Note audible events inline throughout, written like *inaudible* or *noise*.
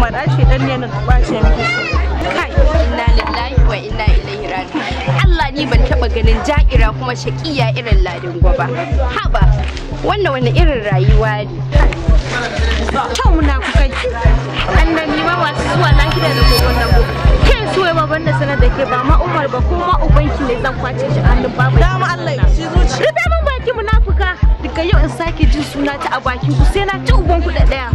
Muhammad ashe dan ne nan bace miki kai inna lillahi wa inna ilaihi raji'un Allah ni ban taɓa ganin ja'ira kuma shaqiya irin ladin gwaba haba wannan wani irin rayuwa ne kyau muna kuka annabi ma masu zuwa na gida da gobe na gobe ke suwai baban da sanar da ke ba ma umar ba ko ma ubanki ne zan kwace shi hannun baban dama Allah ya ci zuci rufe min baki munafuka daga yau in sake jin suna ta a bakin ku sai na ci uban ku da daya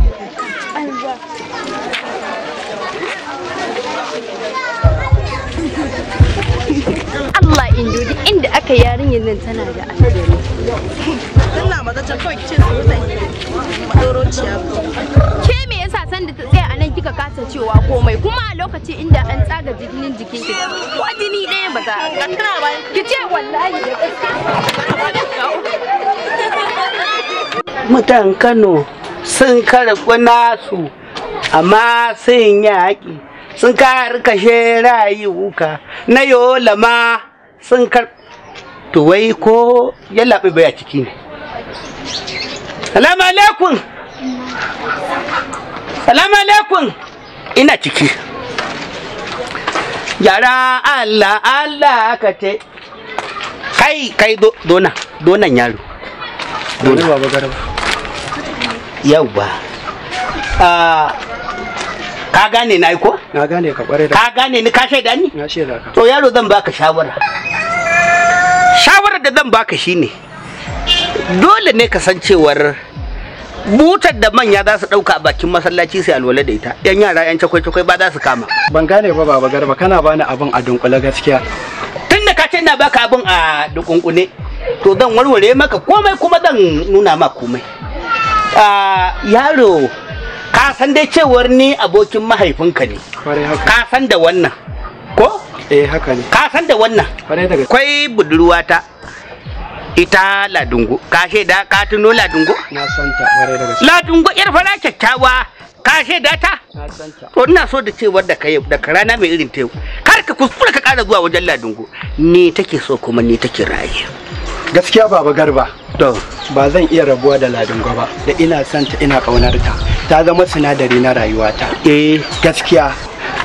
inda aka yarinyar nan tana da ke me yasa san da ta tsaya a nan kika kasa cewa komai kuma a lokaci inda an tsaga jinin jikin ki ko jini ɗaya ba ba ki ce wallahi mutan Kano sun karɓi nasu amma sun haƙi, sun kashe rayuka na yola ma sun kar to wai ko yallaɓe bai a ciki ne salamu alaikum salamu alaikum ina ciki yara allah allah ka te. kai kai dona donan yaro dona yauwa ah, ka gane na yi ko na gane ka kware da ka gane ni ka shaida ni na shaida ka to yaro zan baka shawara shawarar da zan baka shine dole ne ka san cewar butar da manya za su dauka a bakin masallaci sai alwala da ita yan yara yan cakwai cakwai ba za su kama ban gane ba baba garba kana bani abin a dunkule gaskiya tunda ka ce na baka abin a dukunkune to zan warware maka komai kuma zan nuna ma komai ah, yaro ka san dai cewar ni abokin mahaifinka ne ka san da wannan ko eh haka ne ka san da wannan kwai budurwata ita ladungo ka da ka tuno ladungo na san ta kwarai da gaske ladungo yar fara kyakkyawa ka da ta na san ta to ina so da cewar da kai da rana mai irin ta kar ka kuskura ka kara zuwa wajen ladungo ni take so kuma ni take raye gaskiya baba garba to ba zan iya rabuwa da ladungo ba da ina san ta ina kaunar ta ta zama sinadari na rayuwata eh gaskiya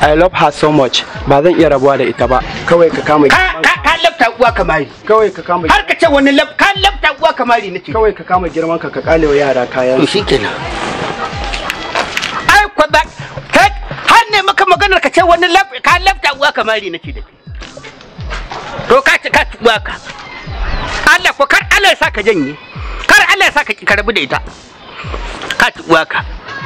i love her so much ba zan iya rabuwa da ita ba kawai ka kama ka lafta uwa kamari kawai ka kama har ka ce wani laf ka lafta uwa kamari nake kawai ka kama girman ka ka kalewa yara kayan to shikenan ai ko ba har ne maka maganar ka ce wani laf ka lafta uwa kamari nake da to ka ci ka tuba ka Allah ko kar Allah ya saka janye kar Allah ya saka ki karabu da ita ka tuba ka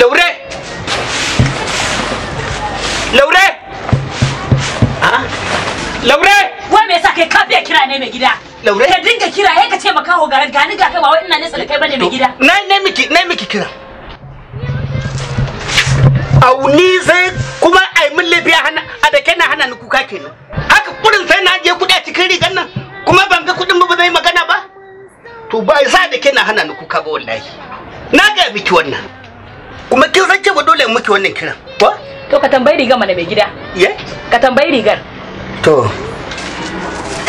laure laure laure wai me yasa kai ka fiye kira ne mai gida laure ka dinga kira ya ka ce maka ho garan gani ga kai ba wai ina ne da kai bane mai gida na ne miki ne miki kira auni ni zai kuma ai min lafiya hana a da kana hana ni kuka kenan haka kudin sai na je kudi a cikin rigan nan kuma ban ga kudin ba zai magana ba to ba sa da kana hana ni kuka ba wallahi na ga miki wannan kuma kin san cewa dole muke wannan kiran ko to ka tambayi rigar mana mai gida ye ka tambayi rigar to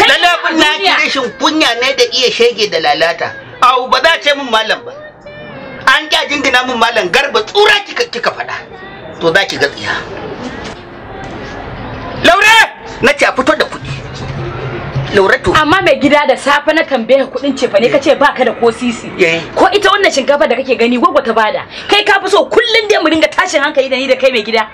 lalle abin na rashin kunya ne da iya shege da lalata au ba za ce min malam ba an ja jingina min malam garba tsura kika kika fada to za ki ga tsiya laure na ce a fito da kuɗi lauratu amma mai gida da safe na tambaye ka kudin cefa ne kace baka da ko sisi eh. ko ita wannan shinkafa da kake gani gwagwa ta bada kai ka fi so kullun dai mu dinga tashin hankali da ni da kai mai gida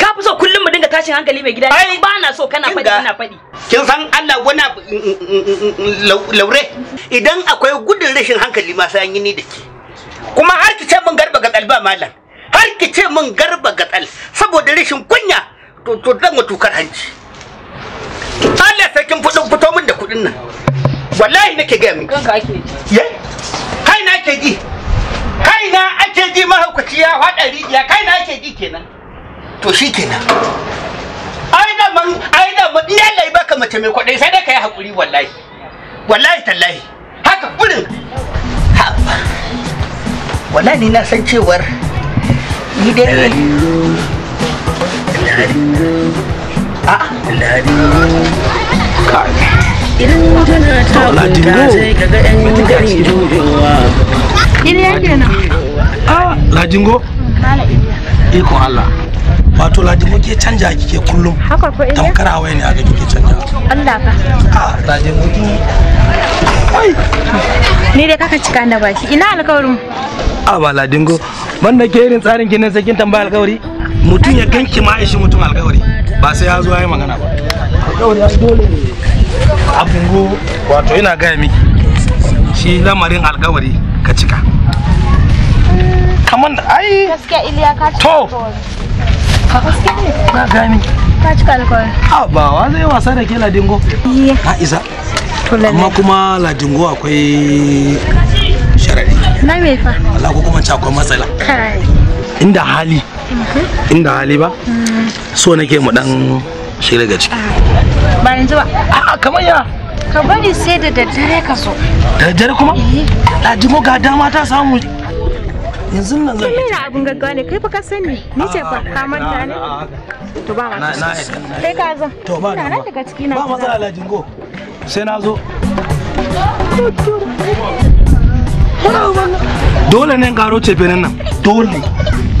ka fi so kullun mu dinga tashin hankali mai gida ai ba na so kana fadi ina fadi kin san Allah wani mm, mm, mm, laure idan akwai gudun rashin hankali ma sai an yi ni da ke kuma har ki ce mun garba ga kalba malam har ki ce mun garba ga tsal saboda rashin kunya to to dan mutukar hanci Allah sai kin fudin fito min da kudin nan wallahi nake ga mu. kanka ake ji kai na ake ji kai na ake ji mahaukaci ya fada rijiya kai na ake ji kenan to shi kenan ai da man ai da man ya lai ya baka mace mai kudi sai dai kai hakuri wallahi wallahi tallahi haka kurin wallahi ni na san cewar ni dai Idan tana ta kunta sai kaga yan gari dogowa. Iriya kenan. Ladingo? Mala Iriya. Ikon Allah. wato ladimo ke canja kike kullum haka ko eh tamkara waya ne aka kike canja Allah ka ah ladimo ki ai ni dai kaka cika da baki ina alƙawarin a ba ladingo banda ke irin tsarin ginin sai kin tambaya alƙawari mutum ya ganki ma ya shi mutum alƙawari ba sai ya zo ya yi magana ba abungo wato ina gaya miki shi lamarin alkawari ka cika kamar da ai gaskiya iliya ka cika to ka gaya miki ka cika alkawari a ba wa zai wasa da ke ladingo ha isa amma kuma ladingo akwai sharari na me fa Allah ko kuma akwai matsala inda hali inda hali ba so nake mu dan shi daga ciki ba yanzu ba a'a kamar ya ka bari sai da daddare ka so daddare kuma eh. a ladimo ga dama ta samu yanzu nan zan kai abun gaggawa ne kai fa ka sani ni ce fa ka manta ne to ba ma kai ka zo to ba na daga ciki na ba ma zala jingo sai na zo dole ne garo cefe nan dole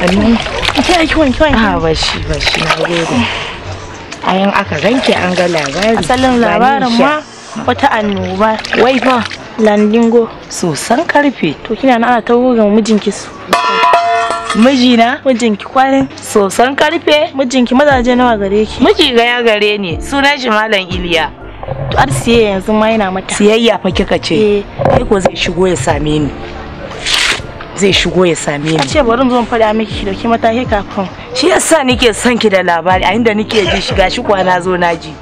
sannan a ah, bashi bashi na gode a yan aka ranke an ga labari asalin labarin ma wata annoba wai fa landingo sosan karfe to kina na ana ta ga mijinki su mijina mijinki kwarin sosan karfe mijinki mazaje nawa gare ki miji gaya gare ne sunan shi malam iliya to ar siyayya yanzu ma yana mata siyayya fa kika ce eh ko zai shigo ya same ni zai shigo ya same ni. ce bari zo faɗa miki da dauki mataki kafin. Shi yasa nike son ki da labari a inda nike ji shiga shi na zo na ji.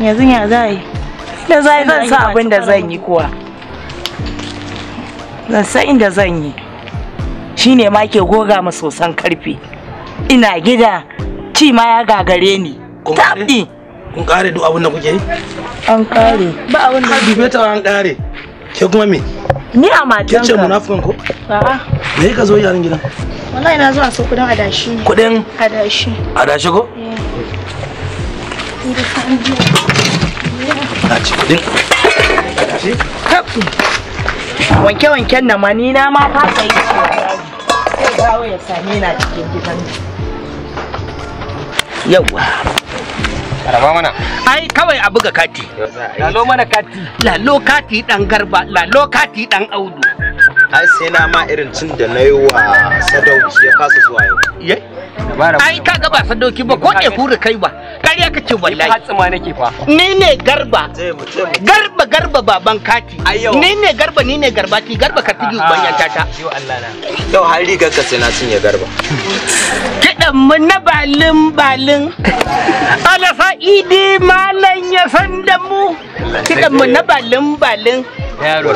Yanzu ya zai. yi. Da za zan sa abin da zan yi kuwa. Zan san inda zan yi. Shi ne ma ke goga ma sosan karfe. Ina gida ci ma ya gagare ni. Tabi. kun kare duk abin da kuke yi an kare ba abin da kuke ta an kare ke kuma me ni a matan ka munafikan ko a'a me ka zo yaran gidan wallahi na zo a so kudin adashi ne kudin adashi adashi ko eh. na ci kudin adashi wanke-wanken na ma ni na ma fasa yi sai dawo ya same na cikin gidan yauwa Raba mana. Ai kawai a buga kati. Lalo mana kati. Lalo kati dan garba, lalo kati dan audu. Ai sai na ma irin cin da na yi wa sadauki ya fasa zuwa yau. Ye? Ai ka ga ba sadauki ba ko ke hura kai ba. Kariya kace wallahi. Hatsima nake fa. Ni ne garba. Garba garba baban kati. Ni ne garba ni ne garba ki garba ka tigi ubanya ya tata. Yau Allah na. Yau har rigar ka sai na cinye garba. mu na balin balin alasa idi malan ya san da mu kiɗan mu na balin balin yaro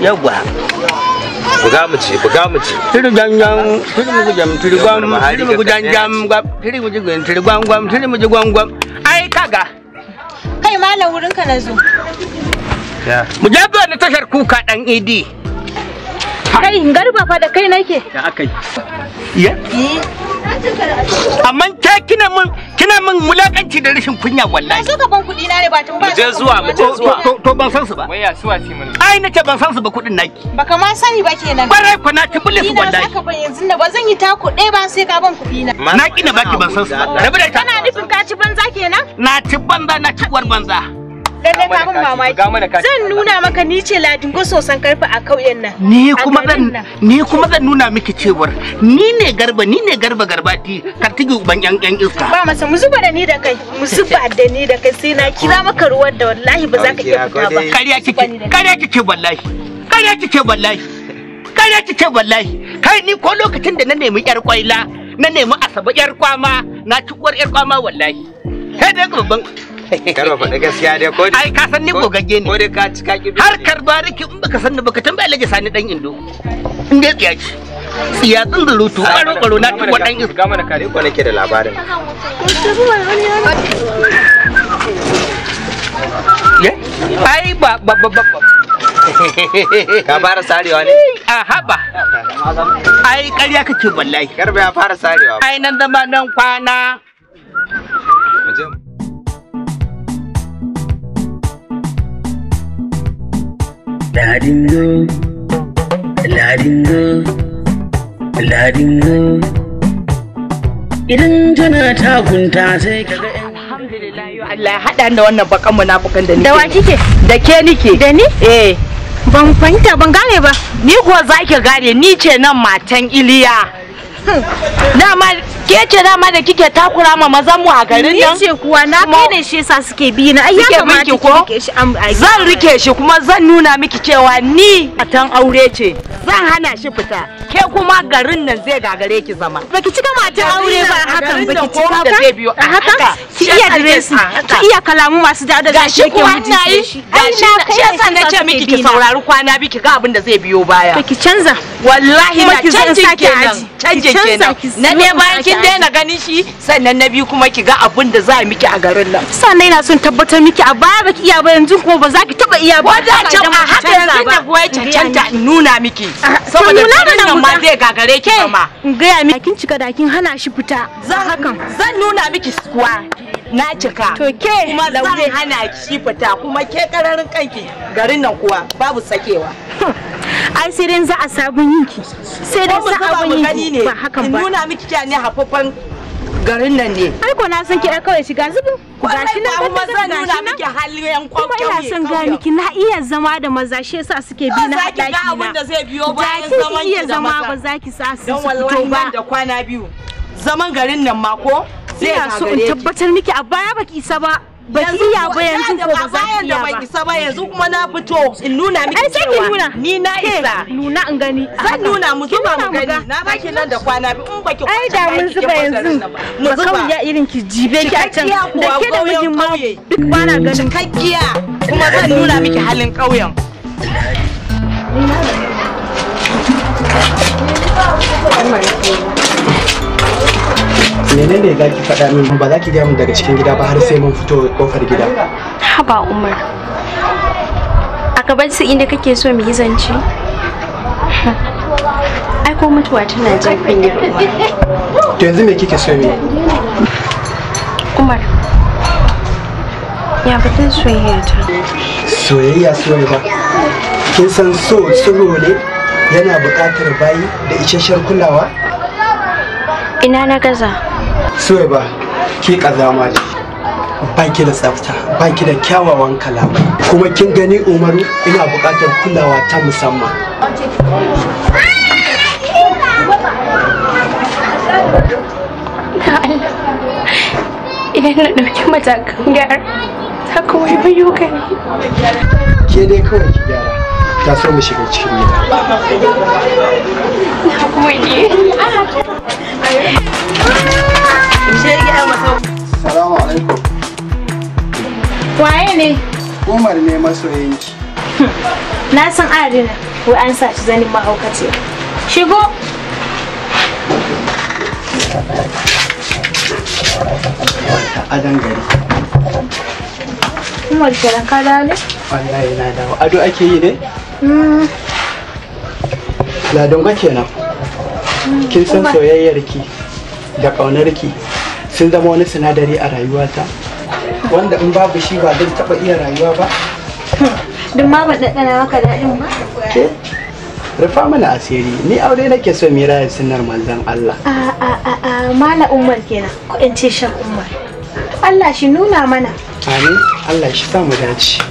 yawa buga mu ci buga mu ci tiri janjan tiri mu jam tiri gwam tiri mu tiri mu tiri gwam gwam tiri mu gwam ai kaga kai malam wurin ka na zo mu je ne tashar kuka dan idi kai garba fa da kai nake ya akai ya eh. amma ke kina mun kina mun mulakanci da rashin kunya wallahi su ka ban kudi na ne ba tun ba su zuwa mu je zuwa to ban san su ba waya suwa ce mun ai nake ban san su ba kudin naki baka ma sani ba kenan barai fa na tubule su wallahi ina ban yanzu ne ba zan yi tako dai ba sai ka ban kudi na na ba baki ban san su rabu da kana nufin ka ci banza kenan na ci banza na ci gwar banza lallai ka bin mamaki zan nuna maka ni ce ladingo sosan karfi a kauyen nan ni kuma zan ni kuma zan nuna miki cewar ni ne garba ni ne garba garbati kartigi uban yan yan iska ba masa mu zuba da ni da kai mu zuba *laughs* da ni da kai sai na kira maka ruwan da wallahi ba za ka iya fita ba kariya kike kariya kike wallahi kariya kike wallahi kariya kike wallahi kai ni ko lokacin da na nemi yar kwaila na nemi asabe yar kwama na ci uwar yar kwama wallahi kai da babban kar ai ka san ni gogagge ne ko ka har karba riki in baka san ni baka tambaye Alhaji Sani dan Indo in dai tsiya ci da lutu karo karo na tuwa dan Indo ga mana kare ko nake da labarin ye ai ba ba ba *laughs* ka fara sarewa ne eh, a haba ai ƙarya kake wallahi garba ya fara sarewa ai nan zama nan kwana ladingo ladingo ladingo idan jana ta kunta sai kaga alhamdulillah Allah ya hada da wannan bakan munafukan da ni da wa kike da ke nike da ni eh ban fahimta ban gane ba ni kuwa zaki gane ni ce nan matan Iliya hm. ma ke ce dama da kike takura ma mazan mu a garin nan ce kuwa na kai ne shi yasa suke bi na ai ya kamata ki rike shi zan rike shi kuma zan nuna miki cewa ni atan aure ce zan hana shi fita ke kuma garin nan zai gagare ki zama baki cika mata aure ba hakan baki cika ka zai biyo haka ki iya diresi ki iya kalamu masu da da shi ke ina yi shi sa na ce miki ki saurari kwana biki ga abin da zai biyo baya ki canza wallahi na canjin kenan canje kenan na ne bayan kin daina ganin shi sannan na biyu kuma ki ga abin da za miki a garin nan sannan ina son tabbatar miki a baya baki iya ba yanzu kuma ba za ki taba iya ba wanda can a haka yanzu na goyi cancanta in nuna miki ah, saboda nuna nan ma zai gagare ki kuma in ga ya miki kin cika da kin hana shi fita za hakan zan nuna miki kuwa na cika to ke kuma zan hana ki fita kuma ke kararin kanki garin nan kuwa babu sakewa. *laughs* ai sai dai za a sabon yinki sai dai za a sabon yinki ba haka ba nuna miki kya ne hafaffan garin nan ne ai ko na san ki kawai shiga zubu gashi nan ba zan nuna miki halin yan kwakwai kuma ina son ga miki na iya zama da maza shi yasa suke bi na haɗa ki ga abin da zai biyo ya zama ki da maza ba za ki sa su fito ba da kwana biyu zaman garin nan ma ko ina so in tabbatar miki a baya baki isa ba baki iya ba yanzu ko ba za ki iya ba ban isa ba yanzu kuma na fito in nuna miki cewa ni na isa nuna in gani zan nuna mu zuba mu gani na baki nan da kwana bi in baki ai da mun zuba yanzu mu zuba ya irin ki jibe ki a can da ke da mijin ma duk ba na ganin kakkiya kuma zan nuna miki halin ƙauyen Thank you. menene za ki faɗa min ba za ki gaya min daga cikin gida ba har sai mun fito kofar gida haba umar a gaban su inda kake so mu yi zance ai ko mutuwa tana jin kunya to yanzu me kike so yi? umar ya batun soyayya ta soyayya ne ba kin san so so ne yana buƙatar bayi da isasshen kulawa ina na gaza suwai ba ki ma ne ba da tsafta baki da kyawawan kalama kuma kin gani umaru ina buƙatar kulawa ta musamman idan na ɗauki matakan gyara ta kuma yi gani ke dai kawai ta so mu shiga cikin gida alaikum. Waye ne? Umar ne masoyinki. *laughs* Na san Adina wai an sa shi zanin mahaukaci. Shigo. A dangare. Umar kenan ka ne? Wallahi na dawo. Ado ake yi ne? ladonga kenan kin san soyayyarki da ƙaunarki sun zama wani sinadari a rayuwata wanda in babu shi ba zan taɓa iya rayuwa ba duk ma ban dadana maka dadin ba rufa mana asiri ni aure nake so mi rayar sunnar manzon Allah a a a a mala umar kenan ko in ce shan umar Allah shi nuna mana amin Allah shi sa mu dace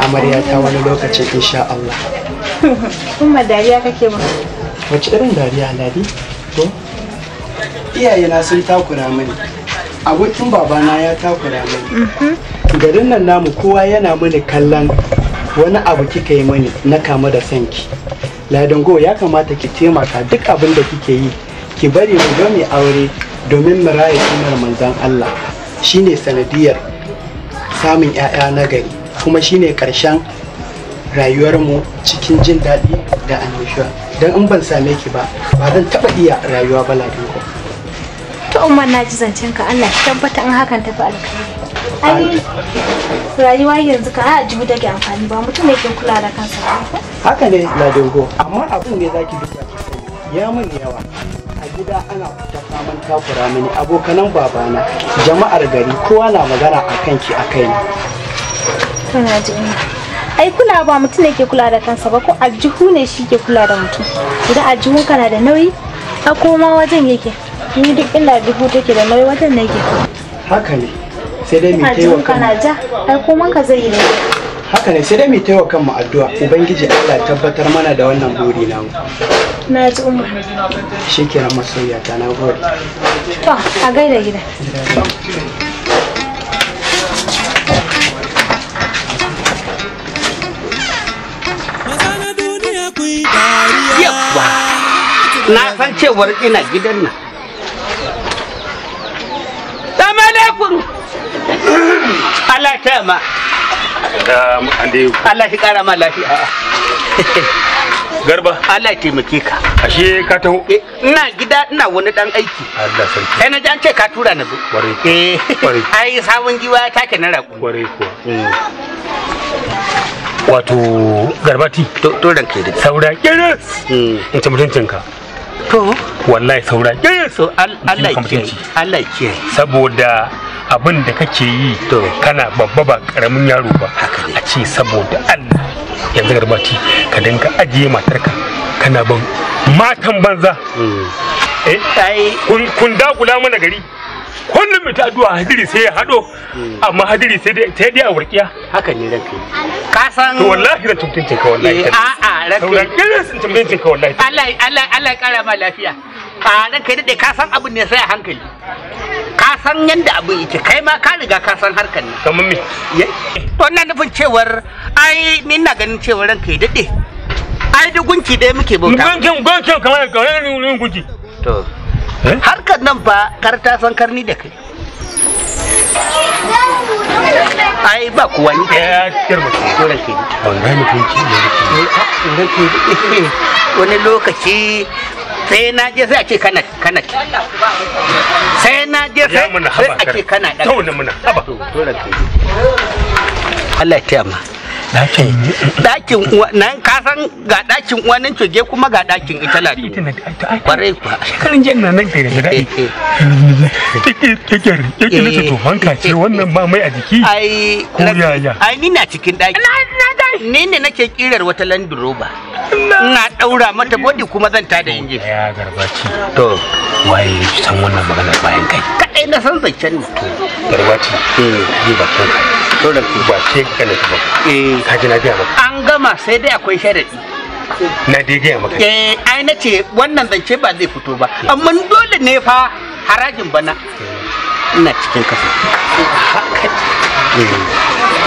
amaryata ta wani lokacin insha Allah kuma *laughs* dariya kake ba wace irin dariya ladi to iyayena sun takura mani abokin babana ya takura mani mm-hmm. garin nan namu kowa yana mani kallon wani abu kika yi mani na kama da sanki ladango ya kamata ki taimaka duk abin da kike yi ki bari mu ga mai aure domin mu raye sunar manzon Allah shine sanadiyar samun 'ya'ya na gari kuma shine karshen rayuwarmu cikin jin daɗi da annushuwa don in ban same ki ba ba zan taɓa iya rayuwa ba ladinku ta umar na ji zancen ka allah ki tabbata in hakan tafi alkhairi ai rayuwa yanzu ka a jibu dage amfani ba mutum ne ke kula da kansa haka ne ladingo amma abin ne zaki duba ki sani ya mun yawa a gida ana ta faman takura mini abokanan babana jama'ar gari kowa na magana akan ki akai ne Kana ji Ai kula ba mutum ne ke kula da kansa ba ko aljihu ne shi ke kula da mutum. Idan aljihun kana da nauyi a koma wajen yake. Ni duk inda aljihu take da nauyi wajen nake. Haka ne. Sai dai mu taiwa kana ja. Ai koma ka zai yi ne. Haka ne sai dai mu taiwa mu addu'a Ubangiji Allah tabbatar mana da wannan buri mu na ji umma shikenan masoyata na gode to a gaida gida na san cewar ina gidan nan da kuru. Allah ta ma Allah shi kara ma lafiya garba Allah ya taimake ka ashe ka taho eh, ina gida ina wani dan aiki Allah sarki sai na ji an ce ka tura na zo kware eh ai sabon giwa ta ke na raku kware kuwa mm. wato garbati to to ranke da saura kiris mm. in ci mutuncin ka to wallahi saura so Allah ke Allah ke saboda abin da kake yi to kana babba ba karamin yaro ba a ce saboda Allah yanzu garbati ka dinka ajiye matarka kana ban matan banza mm. eh kun dagula mana gari kullum ta duwa hadiri sai ya hado amma hadiri sai dai a wurkiya haka ne ranka ka san to wallahi zan tuntunce ka wallahi eh, a a ranka sauran irin sun tuntunce ka wallahi Allah Allah Allah ya kara ma lafiya a ranka dade ka san abin ne sai a hankali ka san yanda abin yake kai ma ka riga ka san harkan ne kamar me to wannan nufin cewar ai ni ina ganin cewar ranka ya dade ai da gunki ɗaya muke bauta gunkin gunkin kamar kamar gunki to Eh? harkar nan fa kar ta san karni da kai ai ba kuwa ni ɗaya kyar mutum ko rake wallahi mutunci ne rake wani lokaci sai na je sai a ce kana kana sai na je sai a ce kana ɗaga Allah ya taya ɗakin nan ka san ga ɗakin uwa nan coge kuma ga ɗakin ita kwarai kuwa shekarun jiya na nan da daɗi kyakkyar eh, eh. kyakkyar to hanka eh, ce wannan ba mai a jiki ai ni na cikin ɗaki ni ne nake kirar wata Land Rover ina daura mata body kuma zan tada inji ya garbaci to waye ya san wannan magana bayan kai Kai na san zancen ne garbaci eh ji ba ko to da ku ba ce kana ba eh ka ji na ga maka an gama sai dai akwai sharadi na dai ga maka eh ai nace wannan zance ba zai fito ba eh. amma dole ne fa harajin bana eh. ina cikin kasa eh.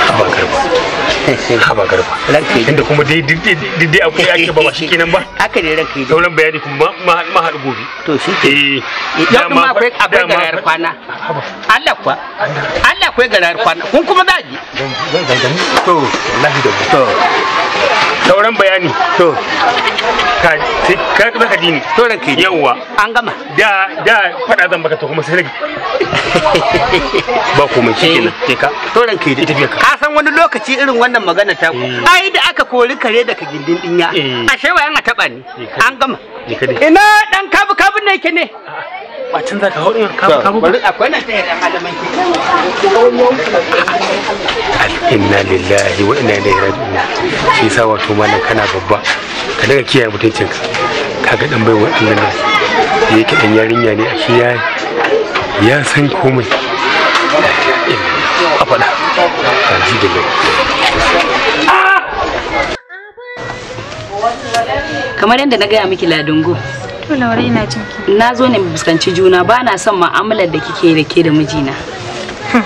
ba karba *laughs* haba garba inda kuma daidai akwai ake ba shi kenan ba haka ne ranka yi sauran bayani kuma ma haɗu gobe to shi ke eh, eh, yau kuma akwai akwai garayar kwana Allah kuwa Allah akwai garayar kwana kun kuma za ji to wallahi da to sauran bayani to ka ka ka ji ni to ranka yi yawa an gama da da faɗa zan baka to kuma sai *laughs* ba komai shi kenan ke ka to ranka yi tafiya ka ka san wani lokaci irin wannan magana ta ku eh. ai da aka kori kare daga gindin dinya eh. ashe wayan a taba ni eh, an gama ina dan kabu kabu ne ke ne bacin za ka hau ɗin kabu kabu bari akwai na ɗaya ɗan adaman ke inna lillahi wa inna ilaihi raji'un shi yasa wato malam kana babba ka daga kiyaye mutuncinka kaga dan baiwa Allah ne yake dan yarinya ne a yayi ya san komai a faɗa ah! kamar yadda na gaya miki ladungo na zo ne fuskanci juna ba na son ma'amalar da kike da ke da mijina hm.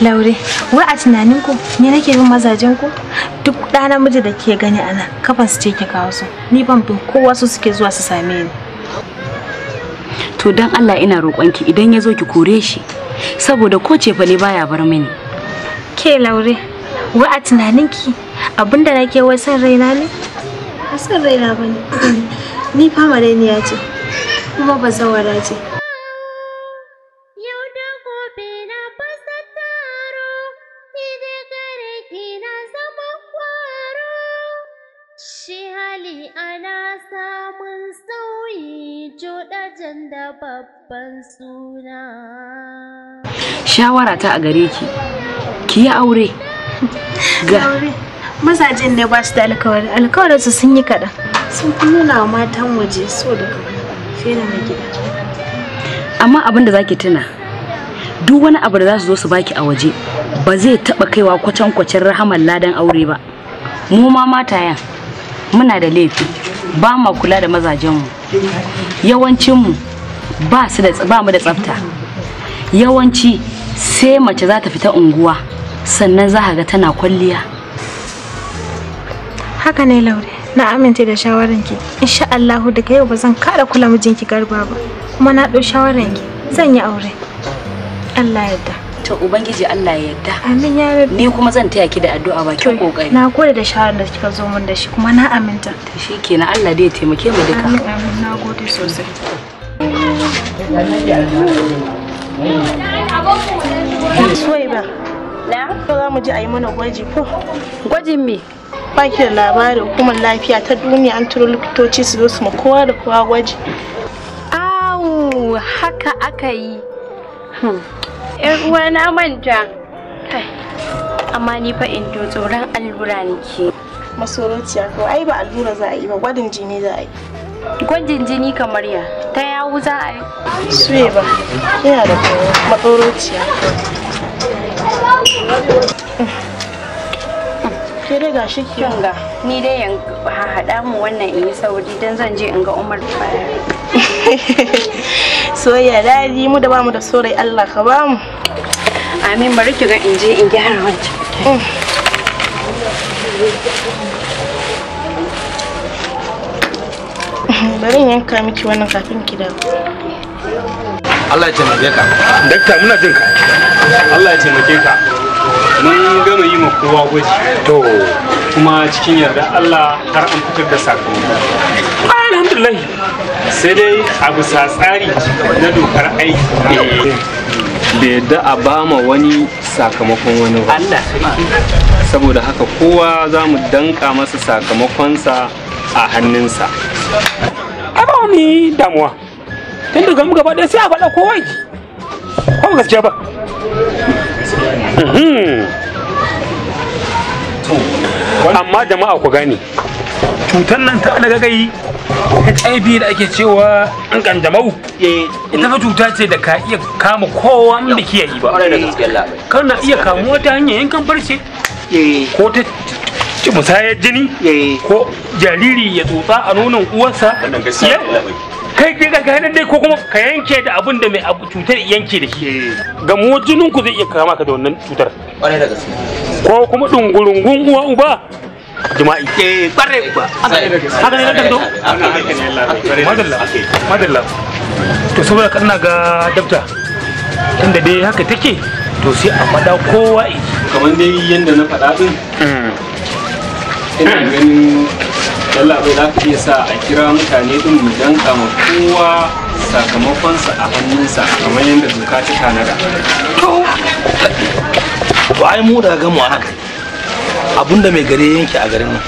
laure wai a tunaninku ku ne nake bin mazajen ku duk ɗa namiji da ke gani ana kafan su ce ki kawo su ni ban bin kowa su suke zuwa su same ni to dan Allah ina ki idan ya zo ki kore shi saboda ko cefa ne baya bar mini ke laure wa a tunaninki abinda nake wai san raina ne san raina bane *clears throat* ni fama ce kuma ba zawara ce Shawara ta a gare ki, ki yi aure. *laughs* Ga. Mazajen ne ba su da alkawari, alkawarin su sun yi kaɗan. Sun fi nuna wa matan waje so da kamar fiye na gida. Amma abin da za ki tuna, duk wani abu da za su zo su baki a waje ba zai taɓa kaiwa kwacan kwacan rahaman ladan aure ba. Mu ma matayan, muna da laifi, ba ma kula da mazajenmu. Yawancinmu ba su da ba mu da tsafta yawanci sai mace za ta fita unguwa sannan za ka ga tana kwalliya haka ne laure na amince da ki insha Allah daga yau ba zan kada kula mijinki garba ba kuma na ɗau ki zan yi aure Allah yarda to ubangiji Allah ya yarda amin ya rabbi ni kuma zan taya ki da addu'a ba kin kokari na gode da shawaran da kika zo min da shi kuma na aminta to shikenan Allah dai ya taimake mu duka amin amin na gode sosai Suwai ba. za mu ji a yi mana gwaji ko? Gwajin me? Baki da labarin hukumar lafiya ta duniya an turo likitoci su zo su ma kowa da kowa gwaji. Awu haka aka yi. Hmm. Yar uwa na manja. Amma ni fa in to tsoron allura nake. Masorociya ko ai ba allura za a yi ba gwadin jini za a yi. gwajin jini kamar ya ta yawu za a yi suye ba yana da matsorociya ke dai ga shi ke ga ni dai yan haɗa mu wannan in yi sauri don zan je in ga umar baya *laughs* soyayya daji mu da ba mu da sorai allah ka ba mu amin bari ki ga in je in gyara wancan mm. bari in yanka miki wannan kafin ki dawo Allah ya taimake ka dakta muna jin ka Allah ya taimake ka mun gama yi ma kowa gwaji to kuma cikin yarda Allah har an fitar da sakamako alhamdulillah sai dai a bisa tsari na dokar aiki da yadda a ma wani sakamakon wani ba saboda haka kowa za mu danka masa sakamakonsa a hannunsa wani damuwa tun daga mu gaba ɗaya sai a faɗa kowa ji ko gaskiya ba mhm. amma jama'a ku gani cutar nan ta daga gai hiv da ake cewa an kanjamau eh. ita fa cuta ce da ka iya kama kowa in da kiyayi ba kana iya kamuwa ta hanyar yankan farce eh. ko ta ci musayar jini eh. ko jariri ya tsotsa a nunan uwarsa kai kai ga nan dai ko kuma ka yanke da abin da mai cutar yanke da shi eh. ga jinin ku zai iya kama ka da wannan cutar ko kuma dungurungun uwa uba jima'i eh kware uba haka ne da madalla madalla to saboda kana ga dabta inda dai haka take to sai a fada kowa kamar dai yanda na faɗa din mm. ina ganin lallaɓai za ka iya sa a kira mutane din mu danka ma kowa sakamakonsa a hannunsa kamar yadda doka ta tanada. To ai mu da gamu a haka abinda mai gari yanke a garin nan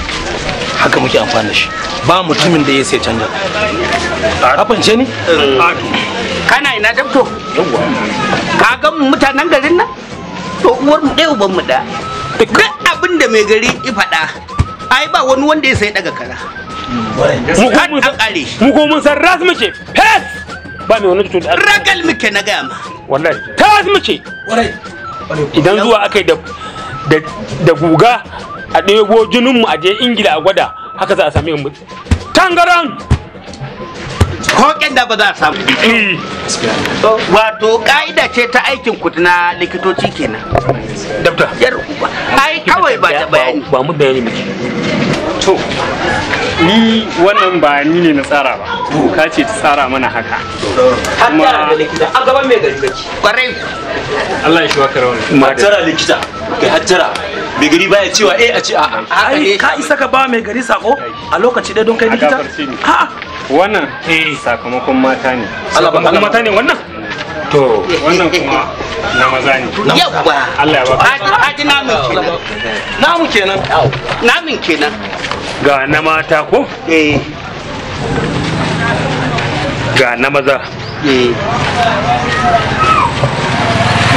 haka muke amfani da shi ba mutumin da ya sai canja. Afance ni? Kana ina dabto? Ka ga mutanen garin nan? To uwar mu ɗaya uban mu da. Duk abin da mai gari i faɗa ai ba wani wanda ya sai daga kaza mu an mu ko mun muke fes ba mai wani tutu ragal muke na gaya ma wallahi tas muke idan zuwa akai da da guga a ɗebo jinin mu a je ingila a gwada haka za a sami mu tangaran ko da ba za a samu hmm. wato ka'ida ce ta aikin kudi na likitoci kenan dabta yar uba ai kawai ba ta bayani ba mu bayani miki to ni wannan ba ni ne na tsara ba ka ce ta tsara mana haka kuma da likita a gaban mai gari kake kwarai Allah ya shi waka rauni matara likita kai hajjara mai gari baya cewa eh a ce a'a ka isa ka ba mai gari sako a lokaci da don kai likita a'a wannan eh sakamakon mata ne sakamakon mata ne wannan to wannan kuma na maza ne yawa Allah ya baka aji namu kenan namu kenan namun kenan ga na mata ko eh ga na maza eh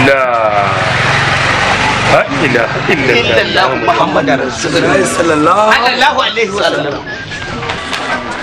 la ilaha illallah muhammadar sallallahu alaihi wasallam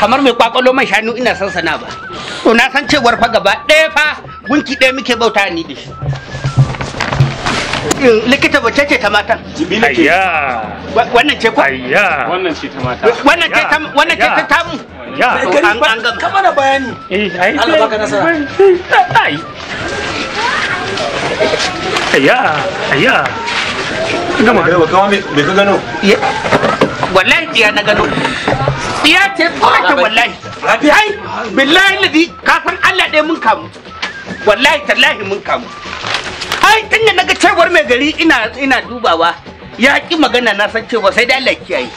kamar mai kwakwalo mai shanu ina san sana ba to na san cewar fa gaba ɗaya fa gunki ɗaya muke bauta ni da shi eh, likita bace ce ta matan ayya wannan ce ko ayya wannan ce ta mata wannan ce ta wannan ce ta tamu ya an gama kamar bayani eh ai Allah baka nasara ai Ayya, ayya. Gama. kawai me ka gano? Wallahi ya na gano. tsiya ce tsorata wallahi ai billahi ladi ka san Allah ɗaya mun kamu wallahi tallahi mun kamu ai tun da naga cewar mai gari ina ina dubawa ya ki magana na san cewa sai da Allah kiyaye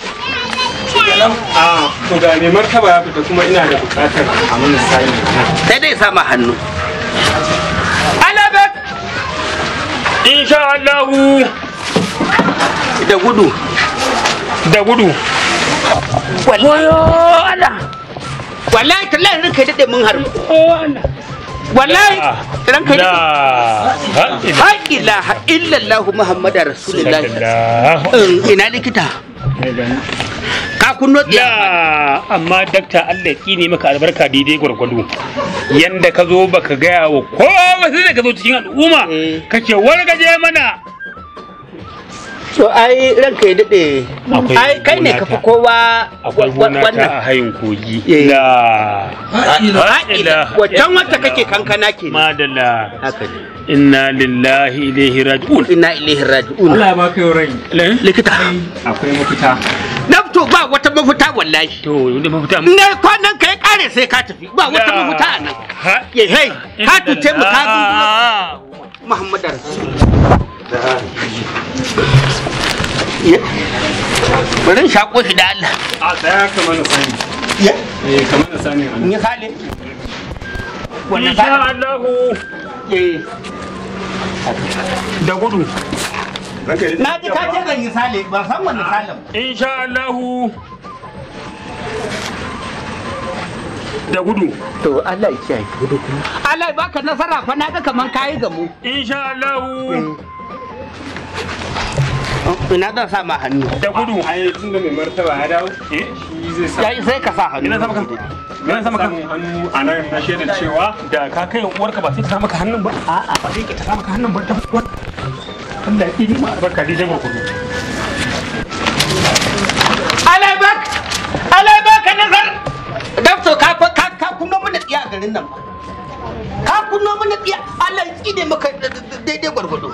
ah, to ga mai martaba ya fita kuma ina da bukatar a mun sai sai dai sama hannu alabek insha Allah da gudu da gudu wayo Allah wallahi tallahi ranka ya dade mun harbu wallahi ranka ya dade ha ilaha illallah muhammadu rasulullahi mm, ina likita ka kunno tsiya amma dakta Allah ki ne maka albarka daidai gwargwado yanda ka zo baka gaya wa kowa sai da ka zo cikin al'umma mm. ka kake wargaje mana to ai ranka ya dade ai kai ne ka fi kowa wannan a hayin kogi eh. la ila wancan wata kake kankana ke madalla haka ne inna lillahi ilaihi raji'un inna ilaihi raji'un Allah ba kai rai likita akwai mafita na to ba wata mafita wallahi to da mafita ne kwanan kai kare sai ka tafi ba wata mafita a nan ka tuce mu ka Muhammad Rasul bari shako shi da Allah a tsaya kamar na sani ya eh kamar da sani ni hali wannan insha Allah eh da gudu na ji ka ce zan yi sale ba san wani salem insha Allah da gudu to Allah ya kiyaye gudu kuma Allah baka nasara fa na ga kaman kayi gamu insha Allah eh. ina zan sa ma hannu da gudu a yi tun da mai martaba ya dawo eh, ya sai ka sa hannu ina sa maka ina sa maka hannu a nan na shaidar cewa da ka kai uwarka ba sai ta sa maka hannun ba a'a ba sai ta sa maka hannun ba ta fuskar Allah ya yi ma albarka dai jama'a kudu alabak alabak nazar dafto ka ka ka kunno da tsiya garin nan ba ka kunno mana tsiya Allah ya tside maka daidai gwargwado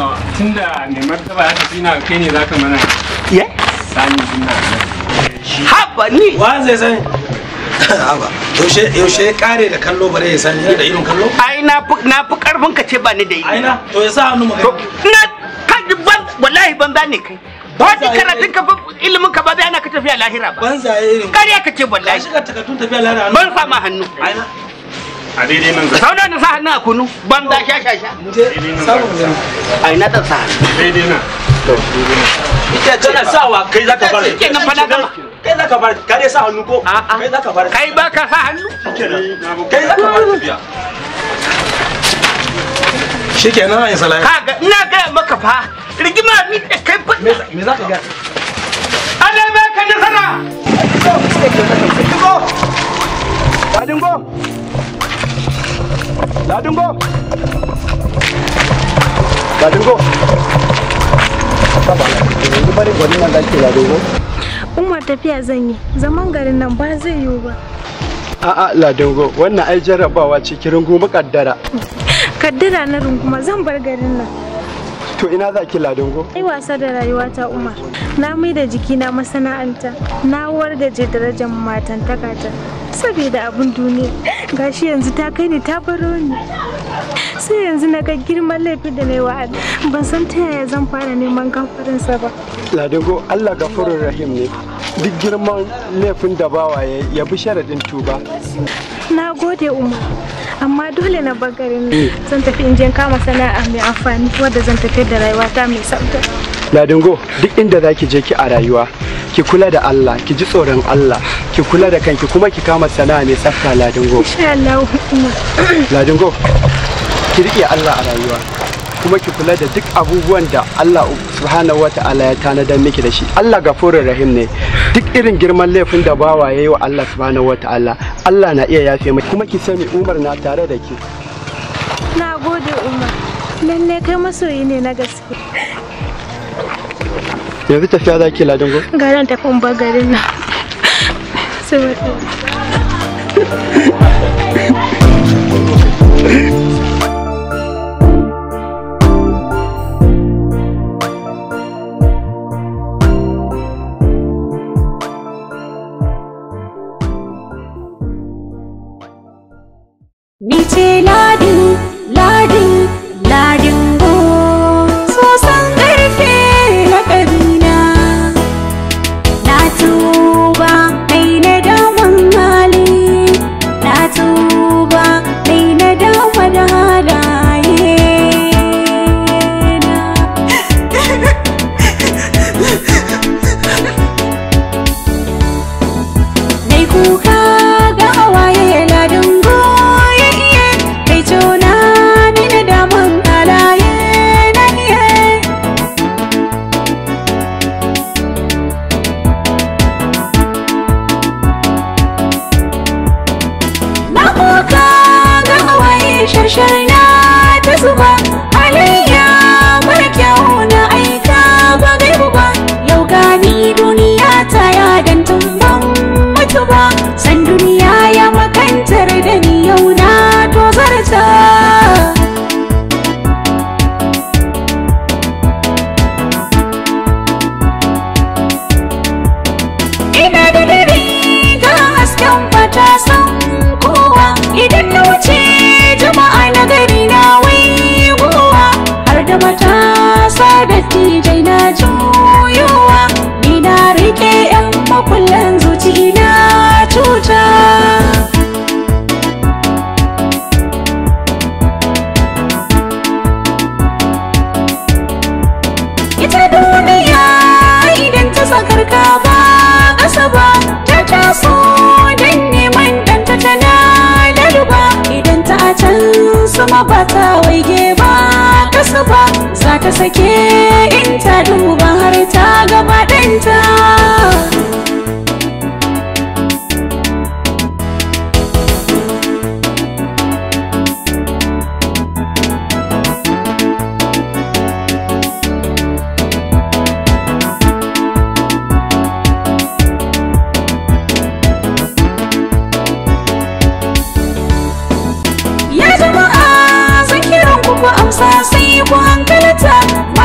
to tunda mai martaba ya tafi kai ne zaka mana ya sani haba ni wa zai sani haba yaushe yaushe kare da kallo bare ya sani da irin kallo ai na fi na fi karfin ka ce ba ni da yi na to ya sa hannu na kaji ban wallahi ban zane kai ba karatun ka ilimin ka ba zai ana ka tafiya lahira ba ban zaye irin kariya ka ce wallahi ka takatun tafiya lahira ban sa ma hannu a daidai nan zai sauda na sa hannu a kunu ban da sha sha sha a ina ta sa daidai nan ita tana sawa kai zaka bar kai nan fa na gama kai zaka bar ka dai sa hannu ko kai zaka bar kai ba ka sa hannu kai zaka bar biya shikenan ayin salaya kaga ina ga maka fa rigima ni kai fa me zaka ga ana ba ka nasara Badingo! Ladungo, Ladingo! Ladingo! yanzu bari gwani nan da ke Ladingo? Umar tafiya zan yi, zaman garin nan ba zai yiwu ba. A'a Ladingo, wannan ai jarrabawa ce ki rungu kaddara. Kaddara na runguma zan bar garin nan. To ina za ki ladungo? Ai wasa da rayuwa ta Umar. Na mai da jiki na masana'anta, na wargaje darajar matan takata Saboda abun duniya, gashi yanzu ta kai ni ta baro ni. Sai yanzu na ga girman laifi da na yi Ban san ta yaya zan fara neman gafarinsa ba. Ladungo Allah gafurur rahim ne. duk girman laifin da bawa ya bi sharaɗin tuba. Na gode Umar, amma dole na bagarin eh. zan tafi injin kama sana'a mai amfani wadda zan tafi da rayuwa ta mai tsafta. Ladingo, duk inda za ki je ki a rayuwa, ki kula da Allah, ki ji tsoron Allah, ki kula da kanki kuma ki kama sana'a mai tsafta Ladingo. Insha Allah Umar. Ladingo, ki riƙe Allah a rayuwa. kuma ki kula da duk abubuwan da Allah subhanahu wata'ala ya tanadar miki da shi Allah gafurur rahim ne duk irin girman laifin da bawa yi wa Allah subhanahu wata'ala Allah na iya yafe mai kuma ki sani Umar na tare da ki na gode Umar lalle kai masoyi ne na gaske yanzu tafiya za ki ladin garin tafin bagarin nan saboda